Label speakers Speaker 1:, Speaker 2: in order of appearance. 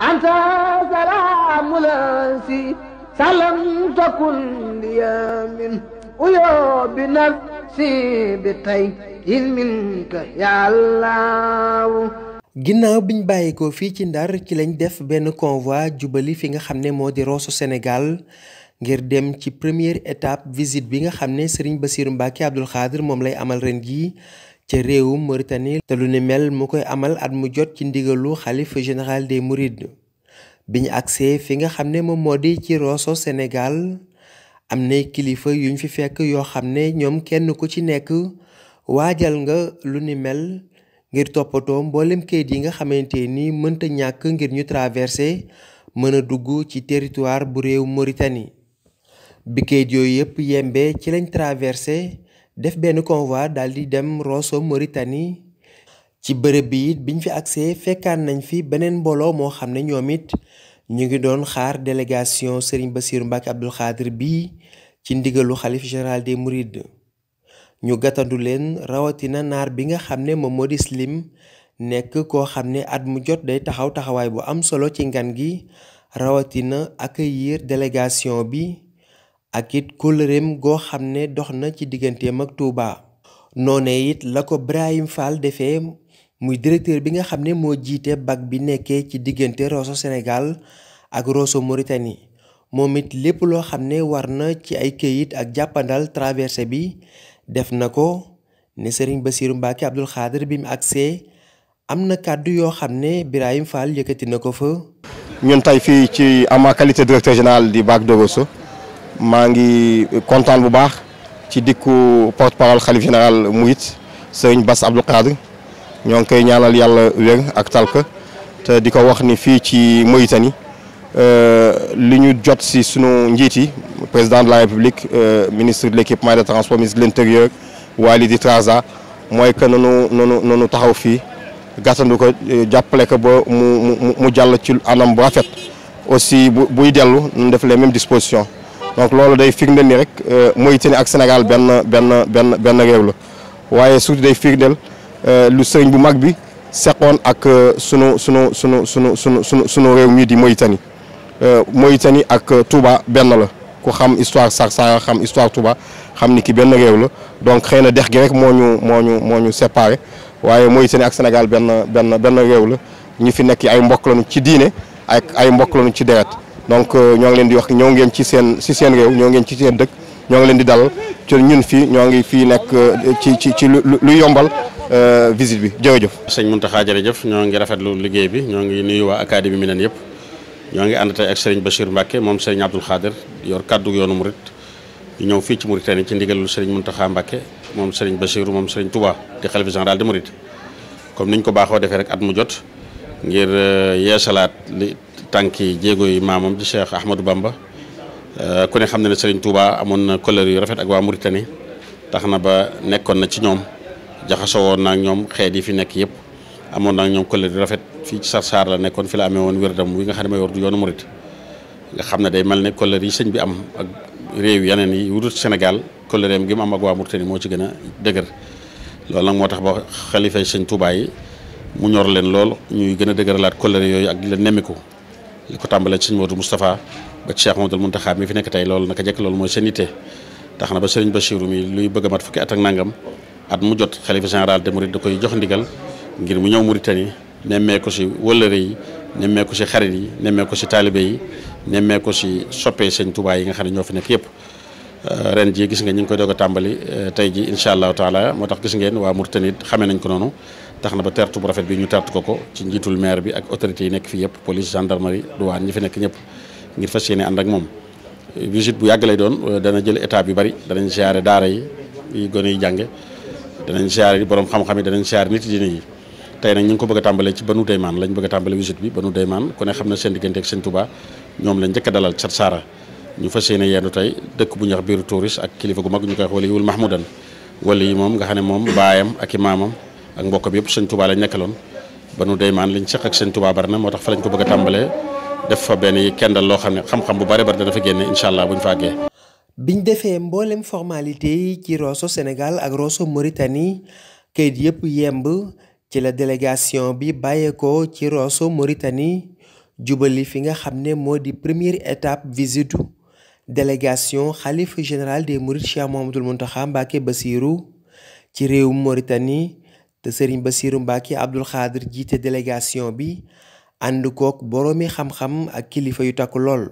Speaker 1: أنت سلام لاسي biñ bàyyeekoo fii ci ndar ci lañ def benn convoi jubali fi nga xam ne moo di Rosso Sénégal ngir dem ci première étape visite bi nga xam ne Serigne Bassirou Mbacké Abdoul moom lay amal ren jii ca réewum Mauritanie te lu ni mel mu koy amal at mu jot ci ndigalu xalifa général de mourides bi ñu agsee fi nga xam ne moom moo di ci Rosso Sénégal am na kilifa yuñ fi fekk yoo xam ne ñoom kenn ku ci nekk waajal nga lu ni mel ngir toppatoo mboolem kayit yi nga xamante ni mënta ñàkk ngir ñu traversé mën a dugg ci territoire bu réew Mauritanie bi kayit yooyu yëpp yembe ci lañ traversé def benn convoi daal di dem Rosso Mauritanie ci bërëb bi it biñ fi agsee fekkaan nañ fi beneen mbooloo moo xam ne ñoom it ñu ngi doon xaar délégation Serigne Bassirou Mbacké Abdoul Khadr bii ci ndigalu xalif général des Mourides ñu gàttandu leen rawatina naar bi nga xam ne moom moo di Slim nekk koo xam ne at mu jot day taxaw taxawaay bu am solo ci ngan gi rawatina accueillir délégation bi ak it kóllëreem goo xam ne dox na ci diggante ak Touba. noonee it la ko Brahim Fall defee muy directeur bi nga xam ne moo jiite bag bi nekkee ci diggante Rosso senegal ak Rosso Mauritanie moom it lépp loo xam ne war na ci ay këyit ak jàppandal traverse bi def na ko ne sëriñ basiru Mbacké Abdoul Khadir bi mu agsee am na kàddu yoo xam ne Birahim Fall yëkkati na ko fa.
Speaker 2: ñun tey fii ci en ma qualité directeur général du BAC de maa ngi kontaan bu baax ci dikku porte parole xalif général Mouride sëriñ Bass Abdou Khadre ñoo ngi koy ñaanal yàlla wér ak talka te di ko wax ni fii ci Mauritanie euh, li ñu jot si sunu njiit yi président de la république euh, ministre de l' équipement de transport ministre de l' intérieur Walidi Trasa mooy que nanu nanu nanu taxaw fii gàttandu ko euh, jàppale ko ba mu mu jàll ci anam bu rafet aussi bu buy dellu ñu def les mêmes dispositions. donc loolu day firndeel ni rek euh, Mauritanie ak Sénégal benn benn benn benn réew la waaye surtout day firndeel euh, lu sëriñ bu mag bi seqoon ak euh, sunu sunu sunu sunu sunu sunu sunu réew mii di Mauritanie Mauritanie ak Touba benn la ku xam histoire Sarsara xam histoire Touba xam ni ki benn réew la donc xëy na dex gi rek moo ñu moo ñu moo ñu séparé waaye Mauritanie ak Sénégal benn benn benn réew la ñu fi nekk ay mbokk lañu ci diine ak ay mbokk lañu ci deret donc euh, ñoo ngi leen di wax ñoo ngeen ci seen si seen réew ñoo ngeen ci seen dëkk ñoo ngi leen di dalal ci ñun fii ñoo ngi fii nekk euh, ci ci ci lu yombal euh,
Speaker 3: visite bi jërëjëf. sëñ Mountakha jërëjëf ñoo ngi rafetlu liggéey bi ñoo ngi nuyu waa académie Minane yëpp ñoo ngi ànd tey ak sëriñ Bachir Mbacke moom sëriñ Abdoul Khader yor kaddu yoonu murit ñëw fii ci Mauritanie ci ndigalul sëriñ Mountakha Mbacke moom sëriñ Bachir moom sëriñ Touba di xalifa général de murit comme niñ ko baaxoo defee rek at mu jot ngir tànki jéego yi maamam di Cheikh Ahmadou Bamba euh, ku ne xam na ne Serigne Touba amoon na kóllëre yu rafet ak waa Mauritanie tax na ba nekkoon na ci ñoom jaxasoo woon na ñoom xeet yi fi nekk yëpp amoon na ñoom kóllëre yu rafet fii ci Sarsar la nekkoon fi la amee woon wérdam wi nga xam ne mooy wardu yoonu Murit nga xam ne day mel ne kóllëre yi sëñ bi am ak réew yeneen yi wutut Sénégal kóllëreem gi mu am ak waa Mauritanie moo ci gën a dëgër loolu nag moo tax ba xalifay sëñ Touba yi mu ñor leen lool ñuy gën a dëgëralaat kóllëre yooyu ak di leen li ko tàmbalee ci sëñ Modou Moustapha ba Cheikh Modou Mountakha mi fi nekk tey loolu naka jekk loolu mooy seen yitte tax na ba sëriñ Bachirou mi bëgg a mat fukki at ak at mu jot xalifa général de Mouride da koy jox ndigal ngir mu ñëw Mauritanie nemmee ko si wëllëre yi nemmee si xarit yi nemmee si taalibe yi nemmee si soppee sëñ yi nga xam ne ñoo fi nekk yëpp euh, ren jii gis nga ñu ngi koy doog a tàmbali euh, tey ji incha allah taala moo tax gis ngeen waa Mauritanie xamee nañ ko noonu tax na ba tertu bu rafet bi ñu tertu ko ko ci njiitul maire bi ak autorités yi nekk fii yëpp police gendarmerie douane ñi fi nekk ñëpp ngir fas yéene ànd ak moom visite bu yàgg lay doon dana jël état bi bari danañ siyaare daara yi yi gone yi jànge danañ siyaare borom xam-xam yi danañ siyaare nit diine yi tey nag ñu ngi ko bëgg tàmbalee ci banu deymaan lañ bëgg a tàmbale visite bi banu deymaan ku ne xam na seen diggante ak sëñ Touba ñoom lañ njëkk a dalal cat saara ñu fas yéene yendu tey dëkk bu ñuy wax biiru touriste kilifa gu mag ñu koy wax wala yiwul mahmoudan wala yi moom nga xam ne moom baayam ak maamam ak mbokk yëpp sëñ Touba lañ nekkaloon ba nu deymaan liñ seq ak sëñ Touba bari na moo tax fa lañ ko bëgg a tàmbalee def fa benn kendal loo xam ne xam-xam bu bari bari dana fa génne incha allah buñ fa àggee. biñ
Speaker 1: defee mboolem formalité yi ci Rosso Sénégal ak Rosso Mauritanie kayit yëpp yemb ci la délégation bi bàyyeekoo ci Rosso Mauritanie jubali fi nga xam ne moo di première étape visite délégation xalifa général des Mourides Cheikh Mouhamadoul Mountakha Mbacké Bassirou ci réewum Mauritanie te sëriñ Bassirou Mbacké Abdoul Khadr jiite délégation bi ànd kook boroomi xam-xam ak kilifa yu takk lool